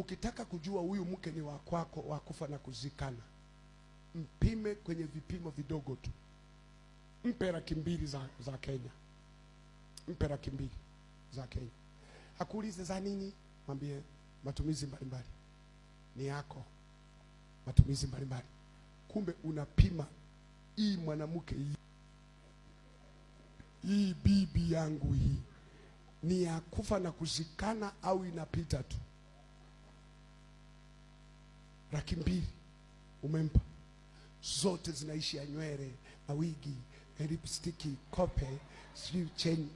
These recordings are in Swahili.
Ukitaka kujua huyu mke ni wa kwako wa kufa na kuzikana, mpime kwenye vipimo vidogo tu. Mpe laki mbili za, za Kenya, mpe laki mbili za Kenya. akuulize za nini, mwambie matumizi mbalimbali ni yako, matumizi mbalimbali. Kumbe unapima hii mwanamke hii hii bibi yangu hii ni ya kufa na kuzikana au inapita tu? laki mbili umempa, zote zinaishi ya nywele, mawigi, lipstick kope, sijui cheni,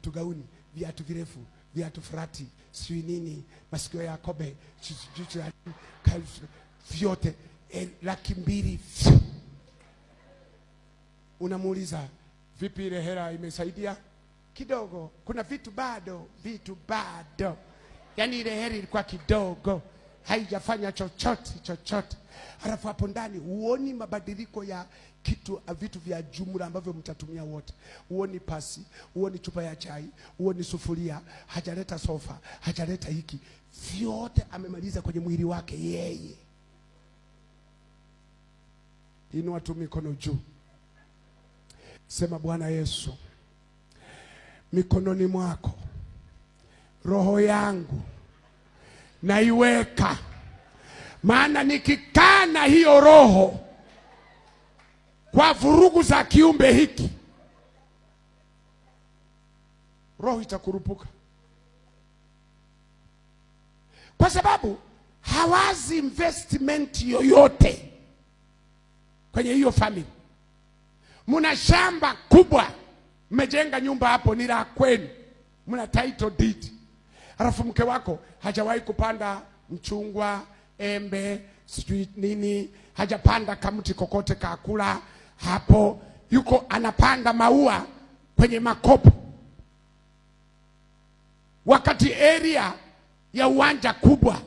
tugauni viatu virefu, viatu frati, sijui nini, masikio ya kobe, vyote e, laki mbili. Unamuuliza, vipi, ile hela imesaidia kidogo? Kuna vitu bado, vitu bado, yaani ile hela ilikuwa kidogo haijafanya chochote chochote, halafu hapo ndani huoni mabadiliko ya kitu vitu vya jumla ambavyo mtatumia wote. Huoni pasi, huoni chupa ya chai, huoni sufuria, hajaleta sofa, hajaleta hiki, vyote amemaliza kwenye mwili wake yeye. Inua tu mikono juu, sema Bwana Yesu, mikononi mwako roho yangu naiweka, maana nikikaa na hiyo roho kwa vurugu za kiumbe hiki, roho itakurupuka, kwa sababu hawazi investment yoyote kwenye hiyo family. Muna shamba kubwa, mmejenga nyumba hapo, ni la kwenu, muna title deed Alafu mke wako hajawahi kupanda mchungwa, embe, sijui nini, hajapanda kamti kokote kakula hapo, yuko anapanda maua kwenye makopo, wakati area ya uwanja kubwa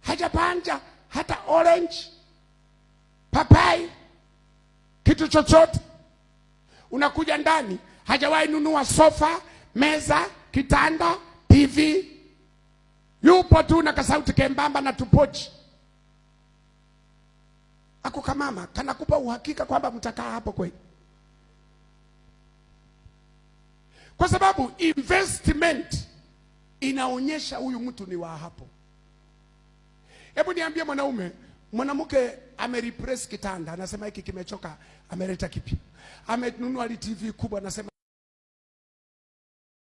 hajapanda hata orange, papai, kitu chochote. Unakuja ndani, hajawahi nunua sofa, meza kitanda, TV, yupo tu na kasauti kembamba na tupochi ako kamama kanakupa uhakika kwamba mtakaa hapo kweli, kwa sababu investment inaonyesha huyu mtu ni wa hapo. Hebu niambie, mwanaume mwanamke amerepress kitanda, anasema hiki kimechoka, ameleta kipi? Amenunua TV kubwa, anasema